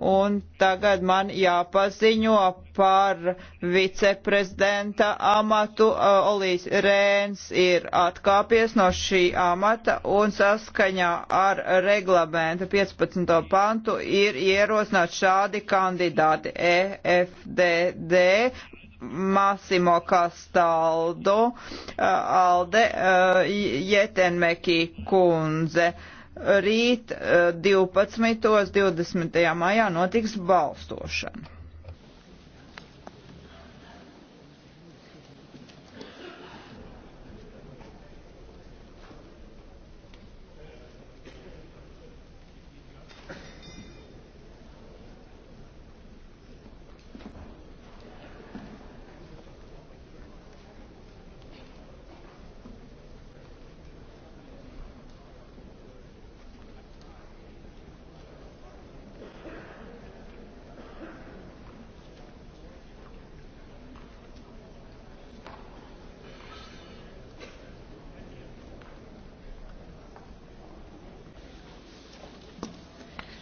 un tagad man jāpaziņo par viceprezidenta amatu. Olīs Rēns ir atkāpies no šī amata un saskaņā ar reglamenta 15. pantu ir ierosināti šādi kandidāti EFDD. Massimo Castaldo, Alde Jetenmeki kundze. Uh, Rīt 12.20. Eh, maijā notiks balsošana.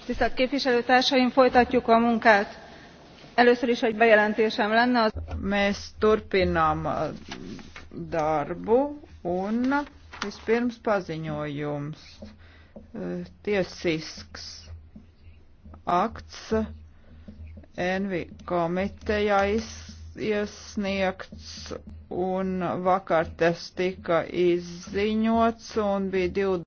tisztelt képviselőtársaim folytatjuk a munkát. először is egy bejelentésem lenne az. mēs turpinām uh, darbu un vispirms paziņojums uh, tiesisks akts envi komitejā iesniegts un vakar tas tika izziņots un bija 20.